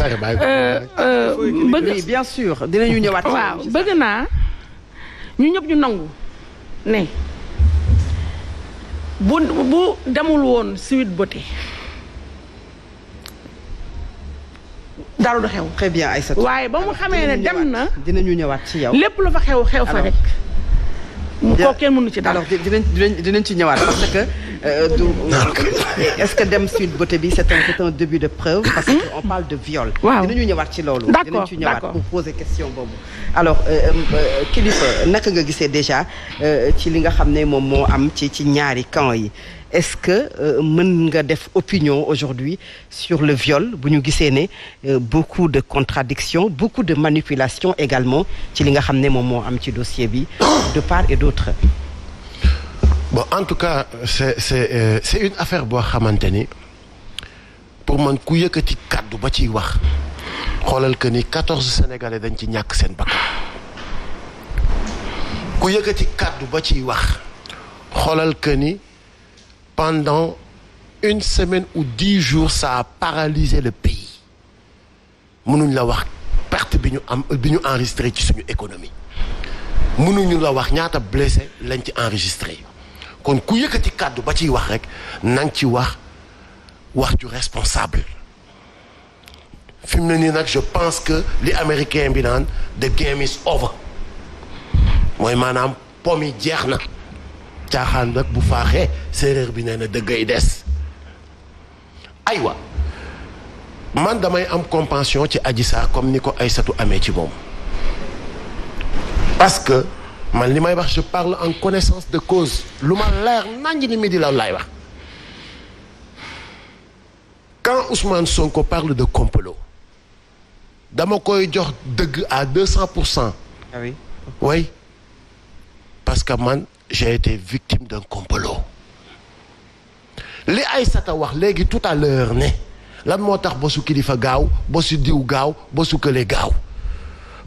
Euh, euh, euh, bëgg bien sûr dinañu ñëwaat. waaw bëgg naa ñu ñëpp ñu nangu ne bu bu demul woon Sweet Beauté dara du xew. très bien Aïssatou waaye ba mu xamee ne dem na dinañu ñëwaat ci yow. lépp lu fa xew xew fa rek. mu kenn mënu ci dara alors dinañ dinañ dinañ ci ñëwaat parce que. Euh, du est-ce que dem suite beauté bi c'est un c'est un début de preuve parce que on parle de viol dinañu ñëwaat ci loolu dinañu ci ñëwaat pour poser question boobu alors euh, euh, Kilifeu naka nga gisee déjà ci li nga xam ne moom moo am ci ci ñaari camp yi est-ce que euh, mën nga def opinion aujourd'hui sur le viol bu ñu gisee ne euh, beaucoup de contradictions beaucoup de manipulations également ci li nga xam ne moom moo am ci dossier bi de part et d'autre bon en tout cas c'est c'est euh, c'est une affaire boo xamante ni pour man ku yëkkati kàddu ba ciy wax xoolal que ni quatorze sénégalais dañ ci ñàkk seen bakkan ku yëkkati kàddu ba ciy wax xoolal que ni pendant une semaine ou dix jours ça a paralysé le pays mënuñ la wax perte bi ñu am bi ñu enregistré ci suñu économie mënuñu la wax ñaata blessé lañ ci enregistré. kon ku yëkkati kàddu ba ciy wax rek na nga ci wax wax ju responsable fi mu ne nii nag je pense que li americain bi naan the game is over mooy maanaam pom yi jeex na caaxaan rek bu faaxee séeréer bi nee na dëggay des aywa man damay am compassion ci aji saa comme ni ko ay Aïssatou amee ci moom parce man li may wax je parle en connaissance de cause lu ma leer naññ ni mi di la laay wax quand Ousmane Sonko parle de complot dama koy jox dëgg à deux cent pour cent ah parce que man j'ai été victime d'un complot li Aïssata wax léegi tout à l'heure ne lan moo tax bosu kilifa gaaw bosu diw gaaw bosu këlee gaaw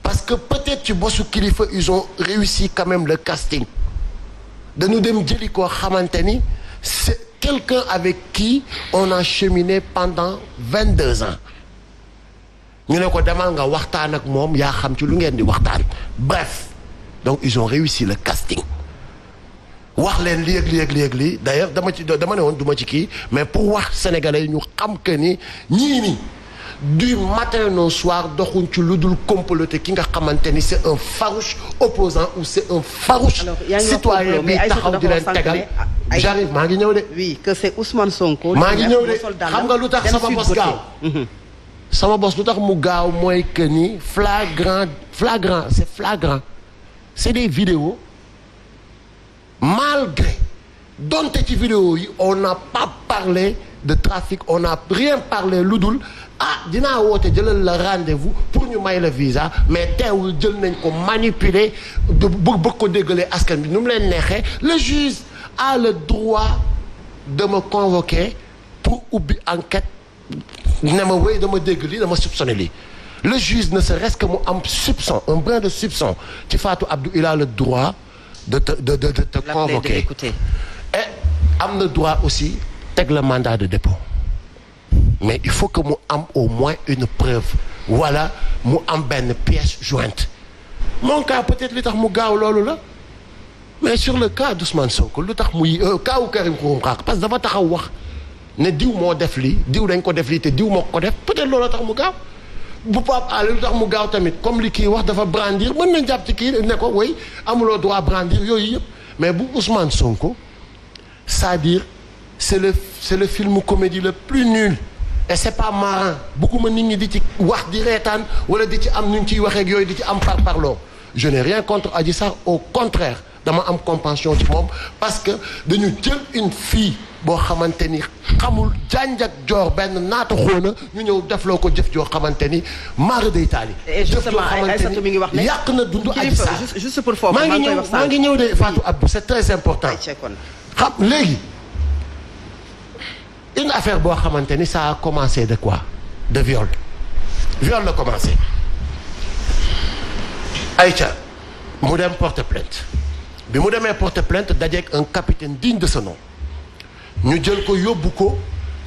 parce que peut-être ci bosu kilifa ils ont réussi quand même la casting dañu dem jëli koo xamante ni c'est quelqu'un avec qui on a cheminé pendant vingt deux ans ñu ne ko demal nga waxtaan ak moom yaa xam ci lu ngeen di waxtaan bref donc ils ont réussi la casting wax leen li yëg li yëg li yëg dama ci dama ne woon duma ci kii mais pour wax sénégalais yi ñu xam que ni ñii nii du matin au soir doxu ci lu dul comploté ki nga xamante ni c'est un farouche opposant ou c'est un farouche citoyen bi taxaw di leen tegal ah, j'arrive maa ngi ñëw de oui que c'est Ousmane Sonko maa ngi ñëw de xam nga lu tax sama bos gaaw mhm. sama bos lu tax mu gaaw mooy que ni flagrant flagrant c'est flagrant c'est des vidéos malgré donte ci vidéo yi on n'a pas parlé de trafic on n'a rien parlé lu dul ah dinaa woote jëlal la rendez-vous pour ñu may la visa mais teewul jël nañ ko manipuler du bëgg ko déggalee askan bi nu mu leen neexee le juge a le droit de me convoquer pour ubbi enquête ne ma wéy dama dégg lii dama soupçonné lii le juge ne serait-ce que mu am soupçon un brin de soupçon ci Fatou Abdou il a le droit de te de de de te convoquer et am na droit aussi teg le mandat de dépôt mais il faut que mu am au moins une preuve wala mu am benn pièce jointe mon peut-être li tax mu gaaw loolu la mais sur le cas d'Ousmane Sonko lu tax muy cas euh, wu Karim Xrum Xax parce que dafa taxaw wax ne diw moo def lii diw dañ ko def lii te diw moo ko def peut-être loolu tax mu gaaw bu Pape Alé lu tax mu gaaw tamit comme li kii wax dafa brandir mën nañ jàpp kii ne ko way amuloo droit brandir yooyu yëpp mais bu Ousmane Sonko c'est-à-dire c'est le c'est le film comédie le plus nul et c'est pas marrant bëgguma nit ñi di ci wax di reetaan wala di ci am nu ñu ciy waxeek yooyu di ci am par parloo je n'ai rien contre Adji sax au contraire dama am compassion ci moom parce que dañu jël une fille boo xamante ni xamul jànjak joor benn naata xóona ñu ñëw loo ko jëf joo xamante ni mara day taali. jëf joo xamante ni yàq na dundu Adji Sarr maa ngi ñëw maa ngi ñëw de Fatou Abdou c'est très important xam léegi. une affaire boo xamante ni saa a commencé de quoi de viol viol la commencé Aïcha mu dem porte plainte bi mu demee porte plainte dajeek un capitaine digne de ce nom ñu jël ko yóbbu ko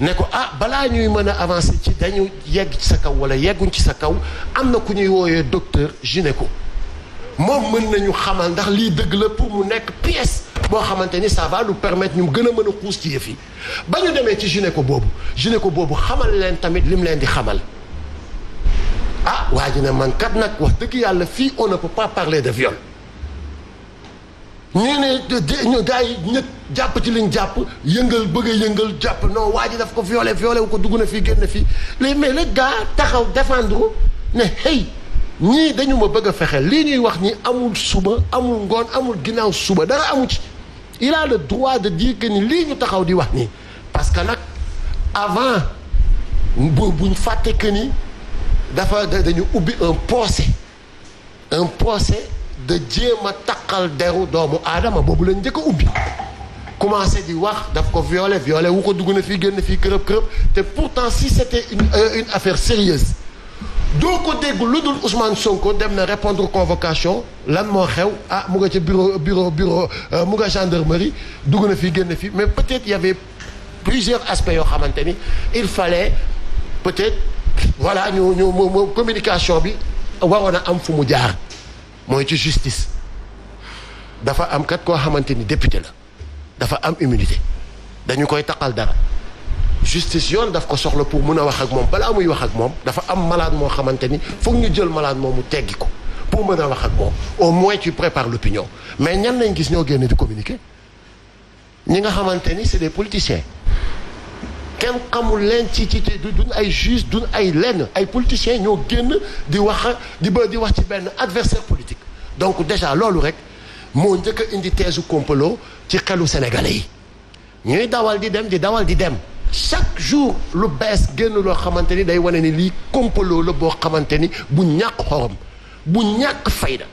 ne ko ah balaa ñuy mën a avancer ci dañu yegg ci sa kaw wala yegguñ ci sa kaw am na ku ñuy wooyee docteur ko moom mën nañu xamal ndax lii dëgg la pour mu nekk pièce boo xamante ni ça va nous permettre ñu gën a mën a xuus ci yëf yi ba ñu demee ci gynéco boobu ko boobu xamal leen tamit li mu leen di xamal ah waa ji ne man kat nag wax dëgg yàlla fii on ne peut pas parler de viol ñu ne ñu gars yi ñëpp jàpp ci liñ jàpp yëngal bëgg yëngal jàpp non waa ji daf ko violé violé wu ko dugg na fii génn fii léegi mais le gars taxaw défendre ne hey ñii dañu ma bëgg a fexe lii ñuy wax ñi amul suba amul ngoon amul ginnaaw suba dara amu ci. il le droit de dire que lii ñu taxaw di wax nii parce que nag avant bu buñ fàtte que ni dafa dañu ubbi un procès un procès da jéem a taqal deru doomu aadama boobu lañ njëkk ubbi commencé di wax daf ko violé violé wu ko dugg na fii génn fii kërëb kërëb te pourtant si c'était une euh, une affaire sérieuse doo ko dégg lu dul Ousmane Sonko dem na répondre convocation lan moo xew ah mu nga ca bureau bureau bureau euh, mu nga gendarmerie dugg na fi génn fi mais peut-être y avait plusieurs aspects yoo xamante ni il fallait peut-être voilà ñu ñu mu communication bi waroon a am fu mu jaar mooy ci justice dafa am kat koo xamante ni député la dafa am immunité dañu koy taqal dara. justice yoon daf ko soxla pour mun a wax ak moom balaa muy wax ak moom dafa am malaat moo xamante ni foog ñu jël malade moomu teggi ko pour mën a wax ak moom au moins tu prépares l'opinion mais ñan lañ gis ñoo génne di communiquer ñi nga xamante ni c'est des politiciens kenn xamul leen ci ci duñ ay juge duñ ay lenn ay politicien ñoo génn di wax di ba di wax ci benn adversaire politique donc déjà loolu rek moo njëkk a indi tesu complot ci xelu sénégalais yi ñuy dawal di dem di dawal di dem chaque jour lu bees génn loo xamante ni day wane ni lii kompaloo la boo xamante ni bu ñàkk xorom bu ñàkk fayda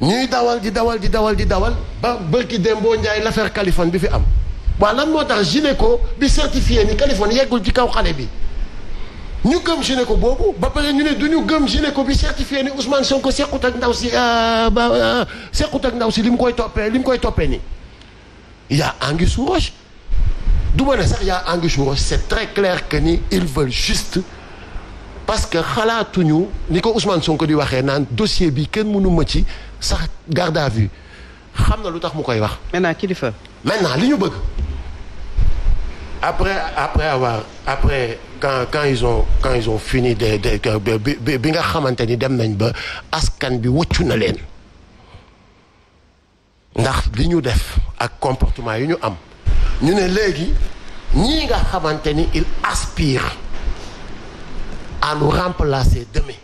ñuy dawal di dawal di dawal di dawal ba bërki Dembo Ndiaye l'affaire Kaliphone bi fi am waa lan moo tax gynéco bi certifié ni Kaliphone yeggul ci kaw xale bi ñu gëm gynéco boobu ba pare ñu ne du ñu gëm gynéco bi certifié ni Ousmane ko sequt ak ndaw si euh, ba euh, sequt ak ndaw si li mu koy toppee li mu koy toppee ni il y a du ma ne sax yaa anguisuro c'est très clair que ni ils veulent juste parce que xalaatuñu ni ko Ousmane Sonko di waxee naan dossier bi kenn mënu ma ci sax garde à vue xam na lu tax mu koy wax. maintenant kilifa. maintenant li ñu bëgg. après après avoir après quand quand ils ont quand ils ont fini de de bi nga xamante ni dem nañ ba askan bi wëccu na leen ndax li ñu def ak comportement yi ñu am. ñu ne léegi ñii nga xamante ni il aspire à nous remplacer demain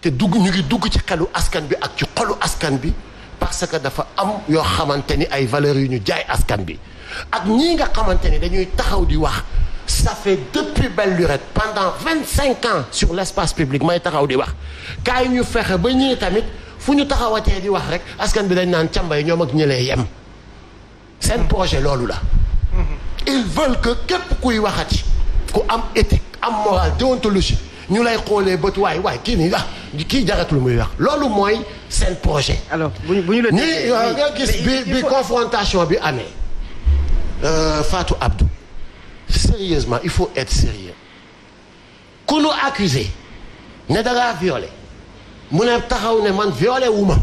te dugg ñu ngi dugg ci xelu askan bi ak ci xolu askan bi parce que dafa am yoo xamante ni ay valeurs yu ñu jaay askan bi ak ñii nga xamante ni dañuy taxaw di wax ça fait depuis belle lurette pendant vingt cinq ans sur l' espace public may taxaw di wax kaay ñu fexe ba ñii tamit fu ñu taxawatee di wax rek askan bi dañ naan càmba yi ñoom ak ñëlee yem seen projet loolu la ils que képp kuy waxati ku am éthique am morale déontologie ñu lay xoolee bët waay waay kii nii ah kii lu muy wax loolu mooy seen projet. alors bu bu ñu la nii gis bi bi confrontation bi amee euh, faatu Abdou sérieusement il faut être sérieux ku nu ne da ngaa mu ne taxaw ne man violé wu ma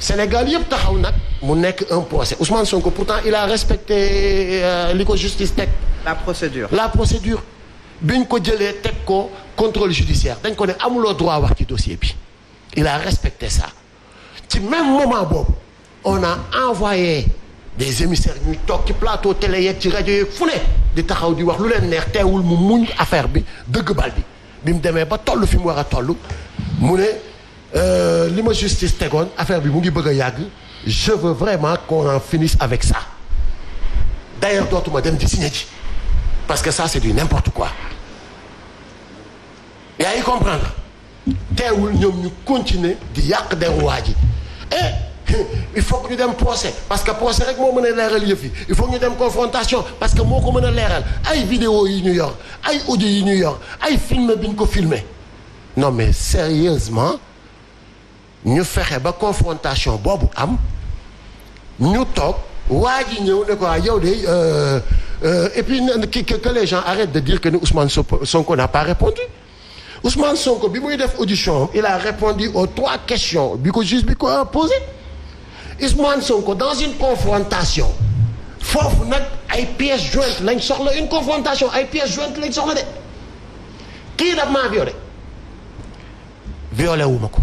Sénégal yëpp taxaw nag. mu nekk un procès Ousmane ko pourtant il a respecté euh, li ko justice teg. la procédure la procédure. biñ ko jëlee teg ko contrôle judiciaire dañ ko ne amuloo droit wax ci dossier bi il a respecté ça ci même moment boobu on a envoyé des émissaires ñuy toog ci plateau télé yeeg ci rajo yeeg fu ne di taxaw di wax lu leen neex teewul mu muñ affaire bi dëgg bal bi bi mu demee ba toll fi mu war a toll mu ne euh, li ma justice tegoon affaire bi mu ngi bëgg a yàgg. je veux vraiment qu'on en finisse avec ça d'ailleurs dootuma dem di signé ji parce que ça c'est du n'importe quoi yaa ngi comprendre teewul ñoom ñu continuer di yàq deru waa ji e il faut que ñu dem procès parce que procès rek moo mën a leeral yëf yi il faut que ñu dem confrontation parce que moo ko mën a leeral ay vidéo yi ñu yor ay audio yu ñu yor ay film bi ñu ko filmer non mais sérieusement ñu fexe ba confrontation boobu am ñu toog waa ji ñëw ne ko ah, yow de euh, euh, et puis que que les gens arrêtent de dire que ne Ousmane Sonko n'a pas répondu Ousmane Sonko bi muy def audition il a répondu aux trois questions bi ko juge ko posé Ousmane Sonko dans une confrontation foofu nag ay pièces jointes lañ soxla une confrontation ay pièces jointes lañ soxla de kii daf maa violé violé wu ma ko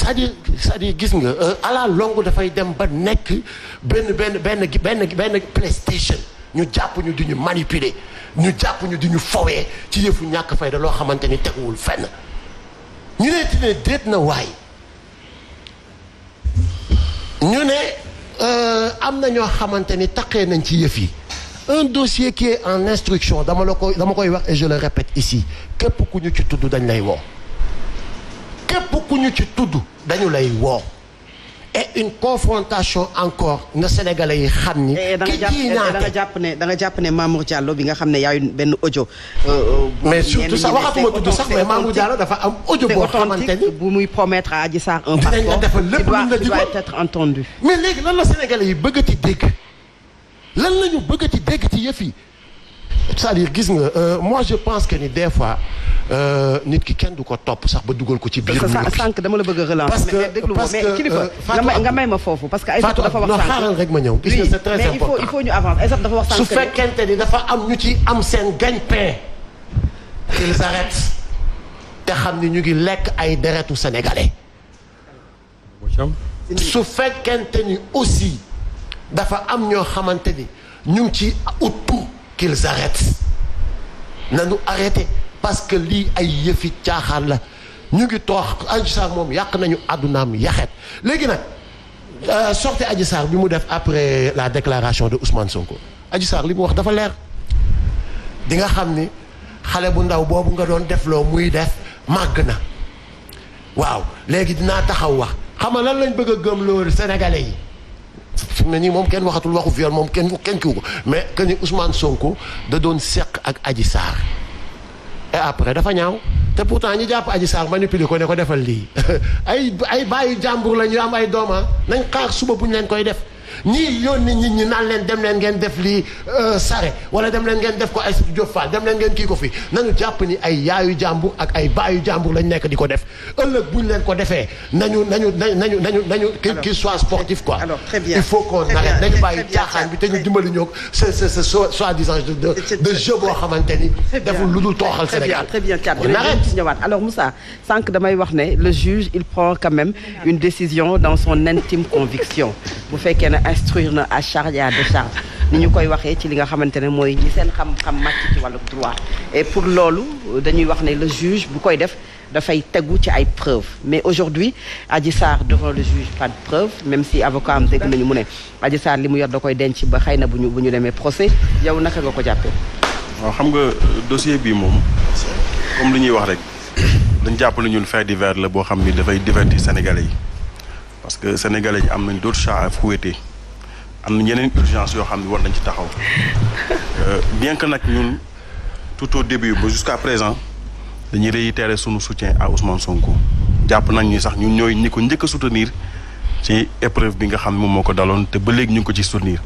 c'est-à-dire cest gis nga euh, à la dafay dem ba nekk benn benn benn benn benn PlayStation ñu jàpp ñu di ñu manipuler ñu jàpp ñu duñu ñu fowee ci yëfu ñàkk fayda loo xamante ni teguwul fenn ñu ne ti ne déet euh, am na ñoo xamante ni taqee nañ ci yëf yi un dossier qui en instruction dama la koy dama koy wax et je le ici képp ku ñu ci tudd dañ lay woo ku ñu ci tudd dañu lay woo et une confrontation encore na sénégalais yi xam ni. Eh, eh, ki ji naa eh, da jàpp ne da nga jàpp ne Mamour Diallo bi nga xam ne yaayu benn ojo euh, euh, mais surtout sax waxatuma tudd sax mais Mamour Diallo dafa am ojo boo xamante ni bu muy promettre à Adji un passeport. dinañ defal la doit être entendu mais léegi lan yi bëggati dégg lan la ñu bëggati dégg ci yëf yi. cest à gis nga euh, moi je pense que ni des fois euh, nit ki kenn du ko topp sax ba dugal ko ci biir. sànq dama la bëgg a relancer. mais déglu ma mais kilifa euh, nga may ma foofu parce que. Aïssatou dafa wax sànq Fatou rek ma ñëw. gis nga c'est très important mais il ñu ni dafa ci am seen gagne-pain. ils te xam ni ñu ngi lekk ay deretu sénégalais. su fekkente ni aussi dafa am ñoo xamante ni ñu ngi ci ut. qu'ils arrêtent nañu arrêté parce que lii ay yëfit caaxaan la ñu ngi toox Adji Sarr moom yàq nañu àddunaam yaxet léegi nag euh, sorte Adji Sarr bi mu def après la déclaration de Ousmane Sonko Adji Sarr li mu wax dafa leer di nga xam ni xale bu ndaw boobu nga doon defloo muy def màgg na waaw léegi dinaa taxaw wax xam nga lan lañ bëgg a gëm loolu sénégalais yi fi mu ne nii moom kenn waxatul waxu viol moom kenn kenn kiwu ko mais que ni Ousmane Sonko da doon seq ak aji saar et après dafa ñaaw te pourtant ñi jàpp Adji Sarr manipuler ko ne ko defal lii ay ay bàyyi jàmbur la ñu am ay dooma ah. nañ xaar suba bu ñu leen koy def ñii yónni nit ñi naan leen dem leen ngeen def lii euh, sare wala dem leen ngeen def ko ay sutu Diop Fall ngeen kii ko fi nañu jàpp ni ay yaayu jàmbur ak ay baayu jàmbur lañ nekk di ko def ëllëg bu ñu leen ko defee nañu nañu nañu nañu nañu qu'il soit sportif quoi il faut qu'on arrête nañu bàyyi caaxaan bi te ñu dimbali ñoog c'est c'est soi-disant de jeu boo xamante ni deful lu dul tooxal Sénégal très bien ñëwaat alors Moussa sànq damay wax ne le juge il prend quand même une décision dans son intime conviction bu fekkee ne na na à charge et à décharge ni ñu koy waxee ci li nga xamante ne mooy ñi seen xam-xam màcc ci wàllu droit et pour loolu dañuy wax ne le juge bu koy def dafay tegu ci ay preuves mais aujourd'hui Adji Sarr devant le juge pas de preuve même si avocat am dégg nañu mu ne Adji Sarr li mu yor da koy denc ba xëy na bu ñu bu ñu demee procès yow naka nga ko jàppee. waaw xam nga euh, dossier bi moom comme li ñuy wax rek dañ jàpp ne ñun fait divers la boo xam ni dafay divertir sénégalais yi parce que sénégalais yi am nañ d'autres chats à am na yeneen urgence yoo xam ne war nañ ci taxaw euh, bien que nag ñun tout au début ba jusqu'à présent dañuy réitérer sunu soutien à Ousmane Sonko jàpp nañ ni sax ñu ñëw ñi ko njëkk a soutenir ci épreuve bi nga xam ne moom moo ko daloon te ba léegi ñu ngi ko ci soutenir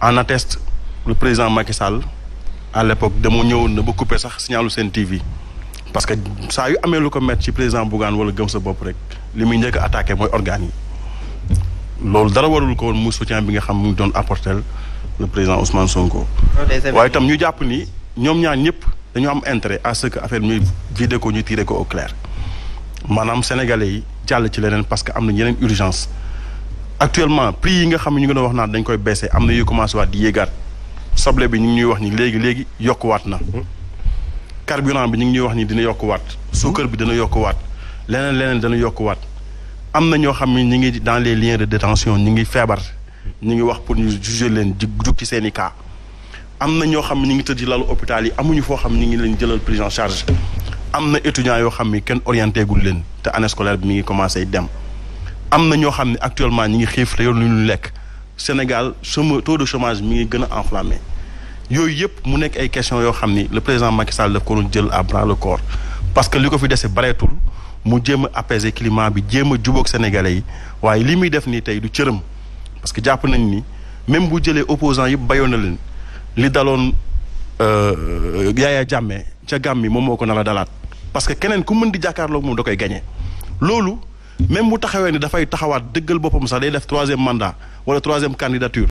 en atteste le président Macky Sall à l'époque dama ñëwoon na ba couper sax signalu seen TV parce que saa yu amee lu ko met ci président Bougane wala gëm sa bopp rek li muy njëkk a attaqué mooy organes yi loolu dara warul ko woon muy bi nga xam mu ngi doon apporter le président Ousmane Sonko. waaye itam ñu jàpp ni ñoom ñaar ñëpp dañu am intérêt à ce que affaire bi vidé ko ñu tiré ko au clair maanaam sénégalais yi jàll ci leneen parce que am na yeneen urgence actuellement prix yi nga xam ne ñu ngi doon wax naan dañ koy baissé am na yu commencé waat di yéegaat soble bi ñu ngi ñuy wax ni léegi léegi yokk waat na. carburant bi ñu ngi ñuy wax ni dina yokkuwaat. suukar bi dana yokkuwaat leneen leneen dana yokkuwaat. am na ñoo xam ne ñu ngi dans les liens de détention ñu ngi feebar ñu ngi wax pour ñu leen di jug ci seen i cas am na ñoo xam ne ñu ngi tëdd ci lalu hôpital yi amuñu foo xam ne ñu ngi leen jëlal prise en charge am na étudiants yoo xam ni kenn orienté gul leen te année scolaire bi mi ngi commencé dem am na ñoo xam ne actuellement ñu ngi xiif te yor lu ñu lekk Sénégal chôme taux de chômage mi ngi gën a enflammé yooyu yëpp mu nekk ay question yoo xam ni le président Macky Sall ko doon jël à bras parce que li ko fi dese bareetul. mu jéem a apaiser climat bi jéem a jubóog sénégalais yi waaye li muy def nii tey du cërëm parce que jàpp nañ ni même bu jëlee opposant yëpp bayoon na leen li daloon euh, Yaya Jammeh ca bi moom moo ko na la dalaat parce que keneen ku mën di jàkkaarloog moom da koy gañe loolu même bu taxawee ni dafay taxawaat dëggal boppam sax day def troisième mandat wala troisième candidature